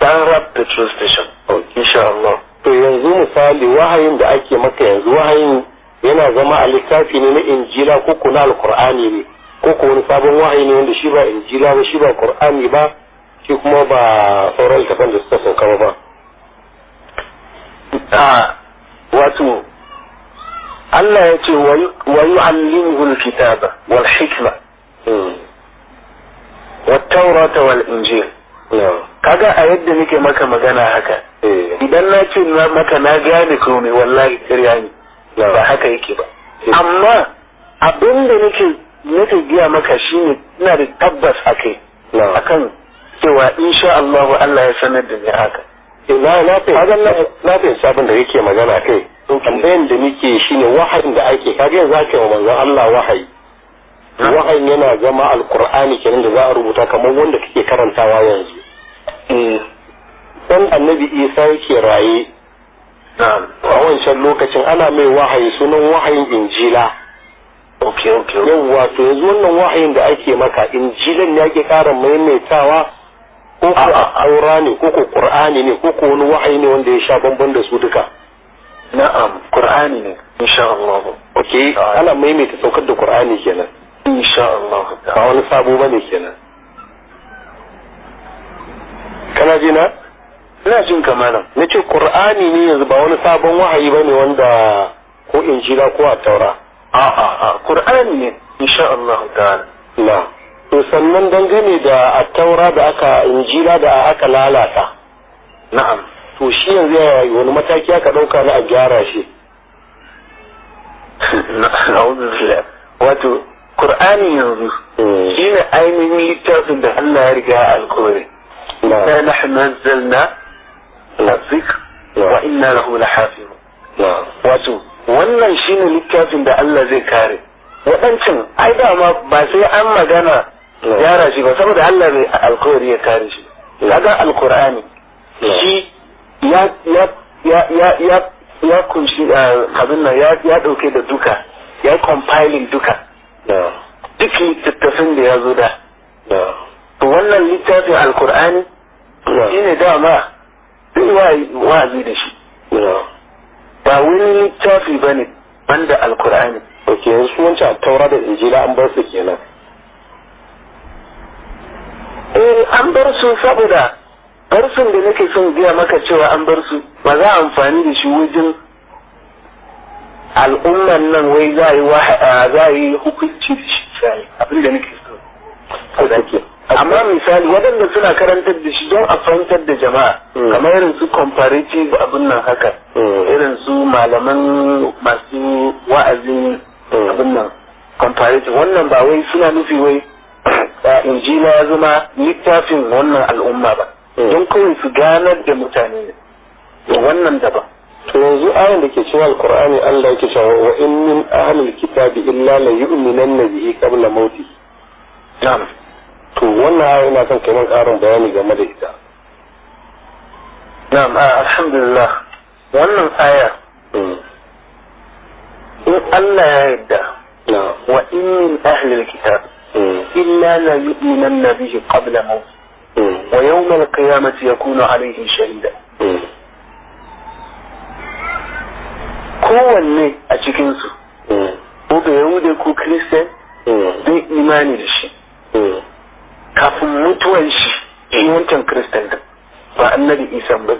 sanrab petrol station okay insha Allah to yanzu misali wahayin da ake maka yanzu wahayin yana zama a littafi ne na injila ko kuna alqur'ani ne ko ko wani sabon wahayi ne wanda shi ba injila ba shi ba qur'ani ba shi kuma ba sauran littafan da suka sauka ba a ah, wato Allah ya ce wa yu'allimuhu al-kitaba wal hikma hmm. wa tawrata wal injil hmm. kaga a yadda nake maka magana haka eh. idan na ce maka na gane komai wallahi kirya ne ba haka yake ba eh. amma abin da nake nake giya maka shine ina da tabbas akai akan cewa insha allahu Allah ya sanar da ni haka na na fi sabon da yake magana kai tambayan da shi ne wahayin da ake kaga yanzu ake wa manzon Allah wahayi wahayin yana zama alqur'ani kenan da za a rubuta kamar wanda kake karantawa yanzu mm. dan annabi Isa yake raye a wancan lokacin ana mai wahayi sunan wahayin injila okay okay yawwa to yanzu wannan wahayin da ake maka injilan ya ke ƙara maimaitawa ko aura ne ko ko qur'ani ne ko ko wani wahayi ne wanda ya sha bamban da su duka na'am qur'ani ne insha Allah okay ana maimaita saukar da qur'ani kenan insha Allah ba wani sabo bane kenan kana ji na ina jin kamana na ce qur'ani ne yanzu ba wani sabon wahayi bane wanda ko injila ko a taura a'a a qur'ani ne insha Allah ta'ala na'am to sannan dangane da attaura da aka injila da aka lalata na'am to shi yanzu ya yi wani mataki aka dauka na a gyara shi wato Kur'ani yanzu shi ne ainihin littafin da Allah ya riga alkawari na nahnu nazzalna الذكر وإنا له لحافظون wato wannan shine littafin da Allah zai kare waɗancan ai dama ba sai an magana gyara shi ba saboda Allah ne alkawari ya kare shi kaga alkur'ani shi ya ya ya ya ya kunshi eh, abin nan ya dauke da duka ya compiling duka duk littattafin da ya zo da wannan littafin alkur'ani shi ne dama zai wa'azi da shi ba wani littafi ba ne banda alkur'ani ok yanzu wancan taura da injila an bar su kenan eh an bar su saboda farsun da nake son biya maka cewa an bar su ba za a amfani da shi wajen al'umman nan wai za a yi hukunci da shi abin da nake so amma misali waɗanda suna karantar da shi don a fahimtar da jama'a hmm. kamar irin su comparative abin nan haka hmm. irin su malaman masu wa'azin hmm. abin nan comparative wannan ba wai suna nufi wai in ji na ya zama littafin wannan al'umma ba hmm. don kawai su ganar da mutane da wannan daban to yanzu ayan da ke cewa alqur'ani Allah yake cewa wa in min ahlil kitabi illa la yu'minanna bihi qabla mauti na'am to wannan ayan na son kai man karin bayani game da ita na'am alhamdulillah wannan aya hmm. in Allah ya yarda wa in min ahlil kitabi إيه. إلا لمن به قبل موت إيه. ويوم القيامة يكون عليه شهيدا إيه. كوان لي أشكنسو هو بيهود كو كريستي بي إيماني لشي كفو متوى لشي إيمان كريستي فأنا لي إيسان بل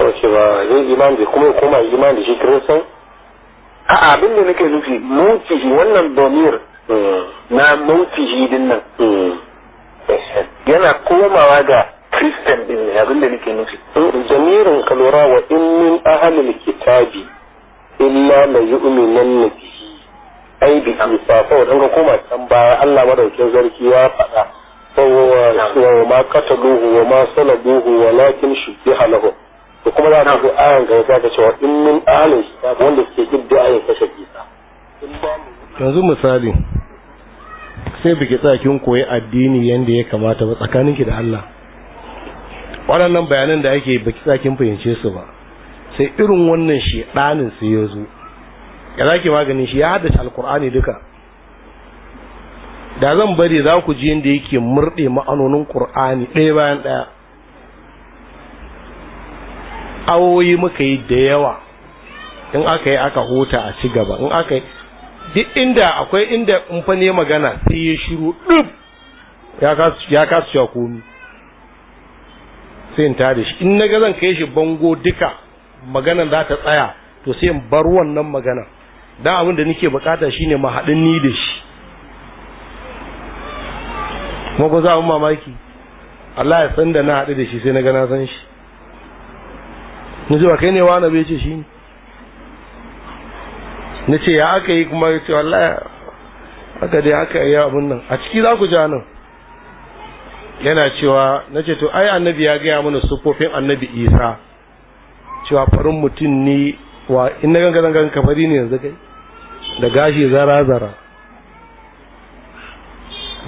Oke ba, ya iman da kuma kuma iman da shi kirisan? A abin Hmm. na mautihi din nan hmm. *laughs* yana komawa ga kristen din ne abin da nake nufi hmm. jamirin kalora wa in min ahalil kitabi illa la yu'minan bihi ai bi amsa wa ga koma can baya Allah madaukin zarki ya faɗa wa ma kataluhu wa ma salabuhu walakin shubbiha lahu da kuma za ta zo ayan ga za ta cewa in min ahalin kitabi wanda ke iddia ayin kashe kisa yanzu misali sai biki tsakin koyi addini yanda ya kamata ba ki da Allah waɗannan bayanan da ake baki tsakin fahimce su ba sai irin wannan shedanin su ya zo ya zaki maganin shi ya haddace alkur'ani duka da zan bari za ku ji yadda yake murɗe ma'anonin qur'ani ɗaya bayan ɗaya awoyi muka yi da yawa in aka yi aka huta a ci gaba in aka yi duk inda akwai inda in fa ne magana sai ya shiru duk ya kasu ya komi sai in tare shi in na ga zan kai shi bango duka maganan za ta tsaya to sai in bar wannan magana dan abin da nake bukata shine ma haɗin ni da shi kuma ko za mu mamaki Allah ya san da na haɗu da shi sai na ga na san shi ni zuwa kai ne wani bai ce shi ne na ce ya aka yi kuma ya ce wallahi haka ya haka yi abun nan a ciki za ku ja nan yana cewa na ce to ai annabi ya gaya mana sufofin annabi isa cewa farin mutum ne wa in na ganga zangan kafari ne yanzu kai da gashi zara zara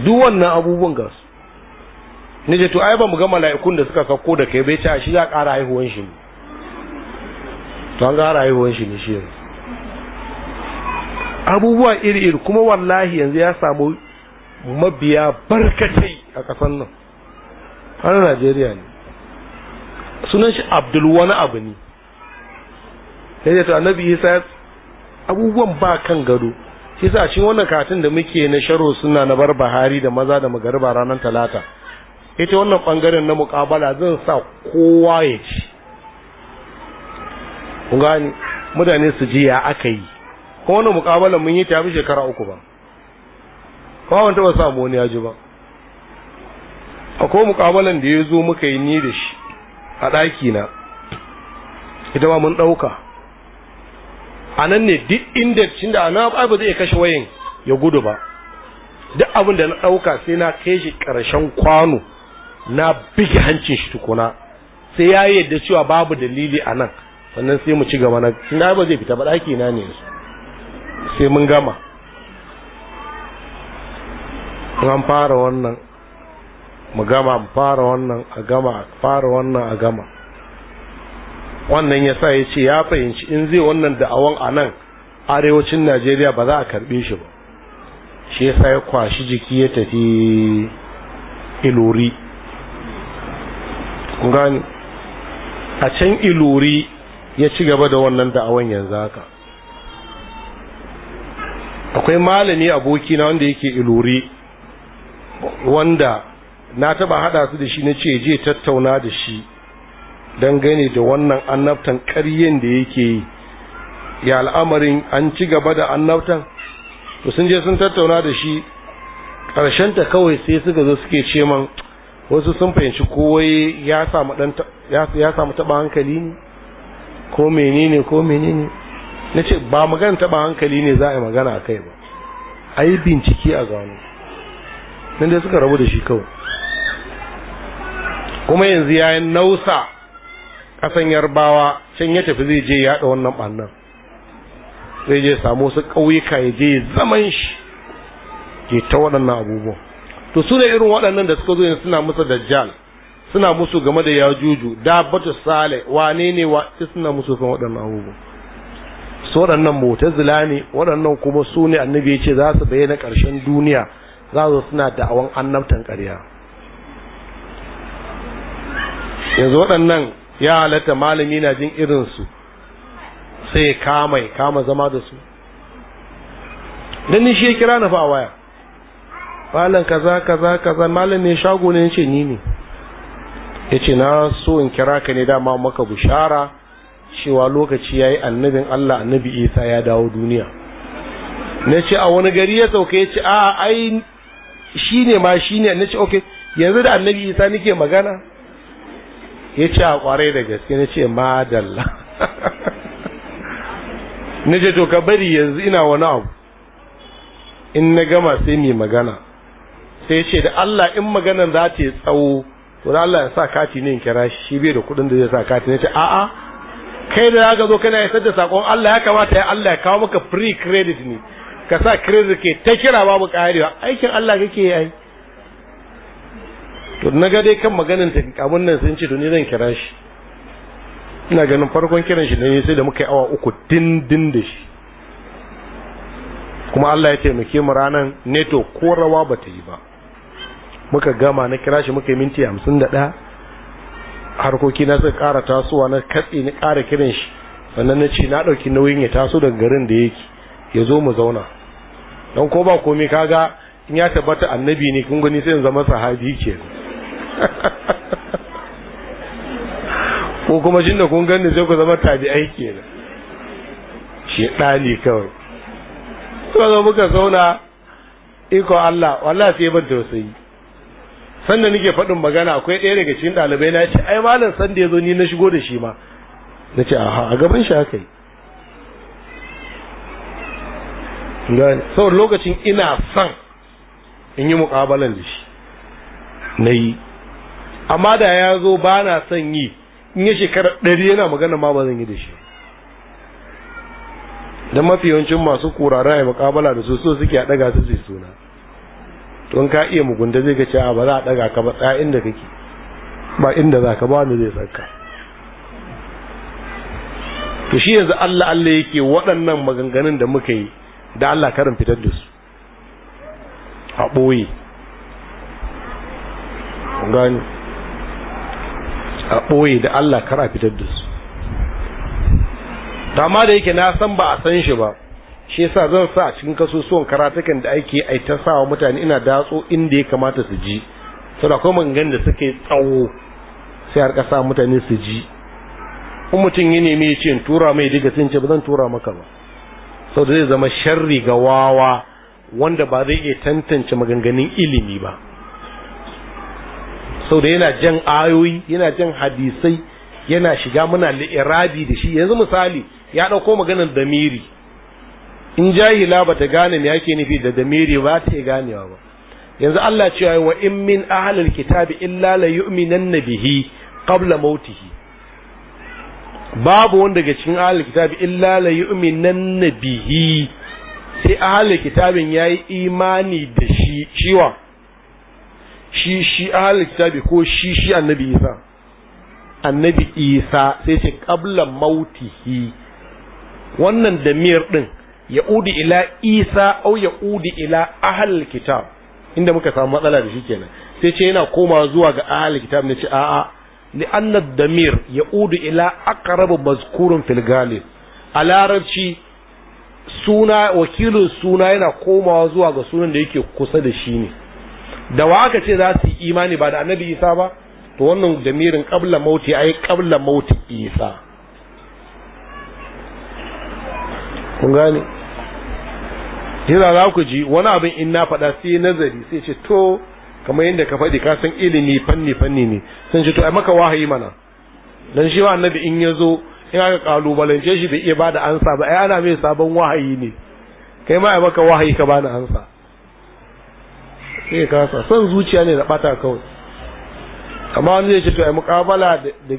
duk wannan abubuwan ga su ni ce to ai ba mu ga mala'ikun da suka sako da kai bai ci a shi za ƙara haihuwan shi ne to an ƙara haihuwan shi ne shi yanzu abubuwa iri-iri kuma wallahi yanzu ya samu mabiya barkatai a ƙasan nan har najeriya ne sunan shi abdul wani abu ne sai ta annabi isa abubuwan ba kan gado shi sa cikin wannan katin da muke na sharo suna na bar bahari da maza da magariba ranar talata ita wannan bangaren na muƙabala zan sa kowa ya ci kun gani mutane su ji ya aka yi ko wani mukabalan mun yi ta bi shekara uku ba kuma wanda ba samu wani yaji ba akwai mukabalan da ya zo muka yi ni da shi a ɗaki na ita ba mun ɗauka a nan ne duk inda cin da na ba zai kashe wayan ya gudu ba duk abin da na ɗauka sai na kai shi ƙarshen kwano na bige hancin shi tukuna sai ya yi yarda cewa babu dalili a nan sannan sai mu ci gaba na cin da ba zai fita ba ɗaki na ne yanzu sai mun gama an fara wannan mu gama mu fara wannan a gama fara wannan a gama wannan ya sa ya ce ya fahimci in zai wannan da'awan a nan arewacin najeriya ba za a karbe shi ba shi ya sa ya kwashi jiki ya tafi ilori gani a can ilori ya ci gaba da wannan da'awan yanzu haka akwai malami abokina wanda yake ilori wanda na taba hada su da shi na ce je tattauna da shi don gane da wannan annabtan karyen da yake yi ya al'amarin an ci gaba da annabtan to sun je sun tattauna da shi ta kawai sai suka zo suke ce man wasu sun fahimci kowai ya samu taɓa hankali ne ko menene ko menene na ce ba magana taɓa hankali ne za a yi magana a kai ba a yi bincike a gano nan dai suka rabu da shi kawai kuma yanzu ya yi nausa ƙasan yarbawa can ya tafi zai je yaɗa wannan ɓannan zai je samu su ƙauyuka ya je zaman shi ke ta waɗannan abubuwan to su da irin waɗannan da suka zo yanzu suna musu dajjal suna musu game da yajuju da batu sale wane ne wa suna musu kan waɗannan abubuwan su waɗannan mutazila ne waɗannan kuma su ne annabi ya ce za su bayyana ƙarshen duniya za su suna da'awan annabtan ƙarya yanzu waɗannan ya halatta malami na jin irinsu sai kama kama zama da su ni shi ya kira na fa waya malam kaza kaza kaza malam shago ne ce ni ne ya ce na so in kira ka ne dama maka bushara cewa lokaci ya yi annabin Allah annabi Isa ya dawo duniya na ce a wani gari ya sauka ya ce a ai shine ma shine na ce okay yanzu da annabi Isa nike magana ya ce a kwarai da gaske na ce ma dalla *laughs* na ce to ka bari yanzu ina wani abu in na gama sai mai magana sai ce da Allah in maganan za ta yi tsawo to da Allah ya sa kati ne in kira shi bai da kuɗin da zai sa kati na ce a'a kai da ga zo kana isar da sakon Allah ya kamata ya Allah ya kawo maka free credit ne ka sa credit ke ta kira babu karewa aikin Allah kake yi ai to na ga dai kan maganin ta kamun nan sun ce to ni zan kira shi ina ganin farkon kiran shi ne sai da muka yi awa uku dindin da shi kuma Allah ya taimake mu ranan neto ko rawa bata yi ba muka gama na kira shi muka yi minti hamsin da harkoki na zai kara tasowa na katse ni kara kiran shi sannan na ce na ɗauki nauyin ya taso daga garin da yake ya zo mu zauna don ko ba komai kaga in ya tabbata annabi ne kun gani sai in zama sahabi ke *laughs* ko kuma jin da kun gani sai ku zama tabi'ai ke shi ɗali kawai to zo muka zauna iko Allah wallahi sai ban tausayi sannan nake faɗin magana akwai ɗaya daga cikin ɗalibai na ce ai malam sanda ya zo ni na shigo da shi ma na ce aha a gaban shi haka yi saboda lokacin ina son in yi muƙabalan da shi na yi amma da ya zo ba na son yi in yi shekara ɗari yana magana ma ba zan yi da shi don mafi yawancin masu kurara ya muƙabala da su so suke a ɗaga su suna to ka iya mugunta zai ga cewa ba za a daga ka ba tsaya inda kake ba inda za ka ba ni zai tsaka to shi yanzu Allah Allah yake waɗannan maganganun da muka yi da Allah karin fitar da su a ɓoye gani a ɓoye da Allah kara fitar da su dama da yake na san ba a san shi ba shi yasa zan sa a cikin kasusuwan karatukan da ake ai ta sawa mutane ina datso inda ya kamata su ji saboda akwai mangan da suke tsawo sai har kasa mutane su ji in mutum ya nemi ya ce tura mai diga sun ce ba zan tura maka ba saboda zai zama sharri ga wawa wanda ba zai iya tantance maganganun ilimi ba da yana jan ayoyi yana jan hadisai yana shiga muna li'irabi da shi yanzu misali ya ɗauko maganar damiri in jahila ba ta gane me yake nufi da damiri ba ta ganewa ba yanzu Allah cewa wa in min ahlil kitabi illa la yu'minan bihi qabla mautihi babu wanda daga cikin ahlil kitabi illa la yu'minan bihi sai ahlil kitabin yayi imani da shi ciwa shi shi ahlil kitabi ko shi shi annabi Isa annabi Isa sai ce qabla mautihi wannan damir din ya'udi ila isa au ya'udi ila ahal kitab inda muka samu matsala da shi kenan sai ce yana koma zuwa ga ahal kitab ne ce a'a li anna damir ya'udu ila aqrab mazkurun fil galib a suna wakilin suna yana komawa zuwa ga sunan da yake kusa da shi ne da wa aka ce za su yi imani ba da annabi isa ba to wannan damirin qabla mauti ai qabla mauti isa kun yasa za ku ji wani abin in na faɗa sai nazari sai ce to kamar yadda ka faɗi ka san ilimi fanni fanni ne sun ce to ai maka wahayi mana dan shi annabi in ya zo in aka kalubalance shi bai iya bada ansa ba ai ana mai sabon wahayi ne kai ma ai maka wahayi ka bani ansa sai ka sa son zuciya ne da bata kawai amma wani zai ce to ai mukabala da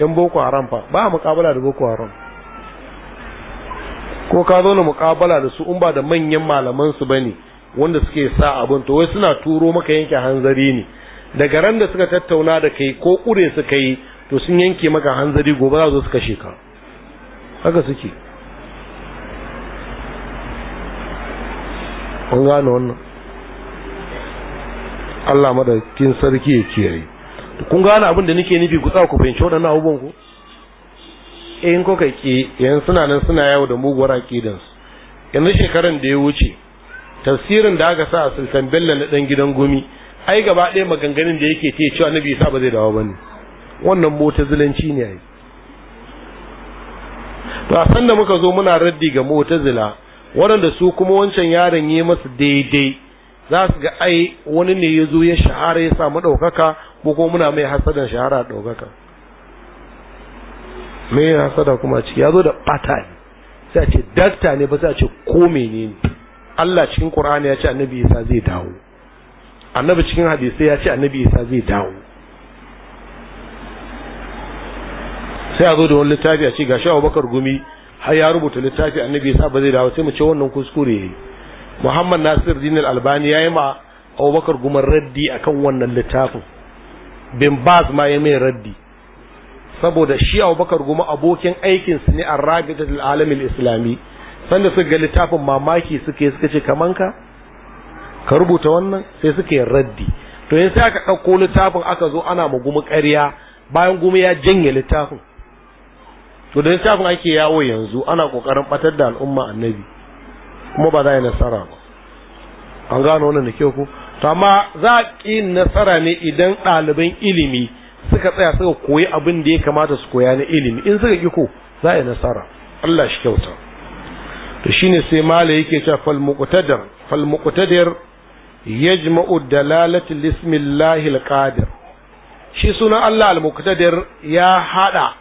yan boko haram fa ba mukabala da boko haram ko ka zo na mukabala da su in ba da manyan malaman su bane wanda suke sa abin to wai suna turo maka yanke hanzari ne daga ran da suka tattauna da kai ko kure suka yi to sun yanke maka hanzari gobe za su suka sheka haka suke kun gane wannan Allah madakin sarki ya kiyaye kun gane abin da nake nufi ku tsaka ku fahimci waɗannan abubuwan ku in kuka ki yan suna nan suna yawo da muguwar aqidan su yanzu shekaran da ya wuce tafsirin da aka sa a sultan bello na dan gidan gumi ai gaba ɗaya maganganun da yake ce cewa nabi isa ba zai dawo bane wannan mota mu'tazilanci ne ai to a san da muka zo muna raddi ga mota zila, waɗanda su kuma wancan yaron yi masu daidai za su ga ai wani ne ya zo ya shahara ya samu ɗaukaka ko kuma muna mai hasadan shahara ɗaukaka me ya sada kuma ce ya zo da bata ne sai a ce dakta ne ba sai a ce ko menene Allah cikin Qur'ani ya ce annabi Isa zai dawo annabi cikin hadisi ya ce annabi Isa zai dawo sai a zo da wani littafi a ce gashi Abubakar Gumi har ya rubuta littafi annabi Isa ba zai dawo sai mu ce wannan kuskure yayi Muhammad Nasir Din Al-Albani yayi ma Abubakar Gumar raddi akan wannan littafin bin Baz ma ya mai raddi saboda shi abubakar goma abokin aikinsu ne a da alamin islami sanda suka ga littafin mamaki suka yi suka ce kaman ka ka rubuta wannan sai suka yi raddi to yin sai aka ɗauko littafin aka zo ana ma gumi ƙarya bayan gumi ya janye littafin to da littafin ake yawo yanzu ana ƙoƙarin ɓatar da al'umma annabi kuma ba za a yi nasara ba an gano wannan da kyau ko to amma za a ƙi nasara ne idan ɗaliban ilimi suka tsaya suka koyi abin da ya kamata su koya na ilimi in suka ƙi ko za a yi nasara Allah shi kyauta to shine sai mala yake cewa fal muqtadir fal yajma'u dalalati lismillahi alqadir shi sunan Allah al ya hada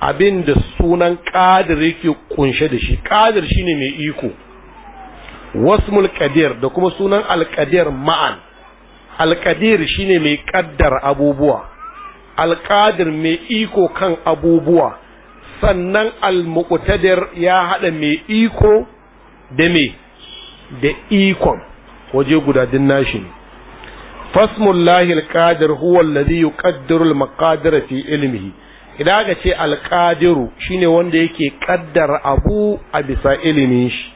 abin da sunan qadir yake kunshe da shi qadir shine mai iko wasmul qadir da kuma sunan alqadir ma'an alqadir shine mai kaddar abubuwa Alƙadar mai iko kan abubuwa sannan almuqtadir ya haɗa mai iko da me da ikon waje guda din nashi ne fasmullahi alqadir huwan alladhi yuqaddiru almaqadir fi ilmihi idan aka ce alqadiru shine wanda yake kaddara abu a bisa ilimin shi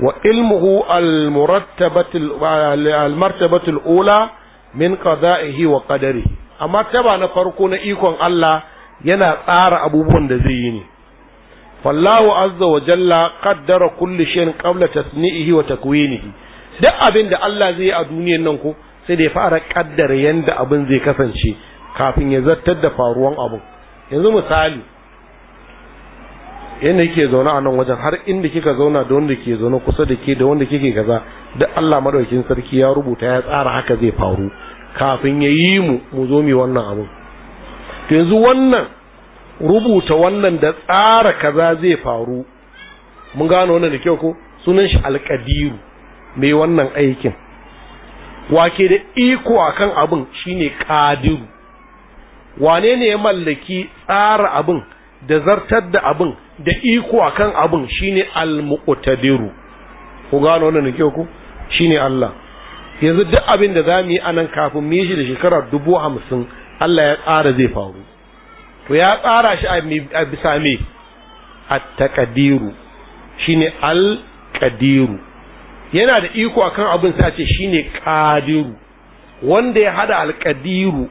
wa ilmuhu almurattabatu almartabatu alula min qada'ihi wa qadarihi amma ta ba na farko na ikon Allah yana tsara abubuwan da zai yi ne Wallahu azza wa jalla qaddara kulli shay'in qabla tasni'ihi wa takwinihi duk abin da Allah zai yi a duniyar nan ko sai da ya fara kaddara yanda abin zai kasance kafin ya zartar da faruwan abin yanzu misali yanda yake zaune a nan wajen har inda kika zauna da wanda ke zaune kusa da ke da wanda kike kaza duk Allah madaukin sarki ya rubuta ya tsara haka zai faru kafin ya yi mu mu zo mu wannan abin to yanzu wannan rubuta wannan da tsara kaza zai faru mun gano wannan da kyau ko sunan shi alkadiru mai wannan aikin wake da iko akan abin shine kadiru wane ne ya mallaki tsara abin da zartar da abin da iko akan abin shine almuqtadiru ku gano wannan da kyau ko shine Allah yanzu duk abin da za mu yi anan kafin mu yi shi da shekara dubu hamsin Allah ya tsara zai faru to ya tsara shi a bisa me a takadiru shine ne kadiru yana da iko akan abin sace a ce shine kadiru wanda ya haɗa alƙadiru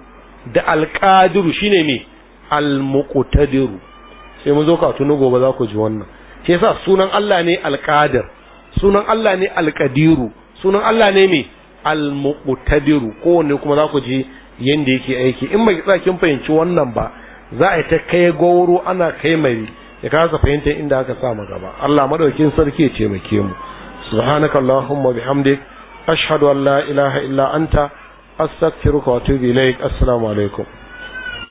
da alƙadiru shi shine me almuƙutadiru sai mun zo ka tuni gobe za ku ji wannan shi yasa sunan Allah ne al sunan Allah ne alƙadiru sunan Allah ne me al-muqtadiru kowanne kuma za ku ji yanda yake aiki in bai tsaki kin fahimci wannan ba za a ta kai gwauro ana kai mai ya kasa fahimta inda aka sa mu gaba Allah madaukin sarki ya taimake mu subhanaka allahumma bihamdik ashhadu an la ilaha illa anta astaghfiruka wa atubu ilaik assalamu alaikum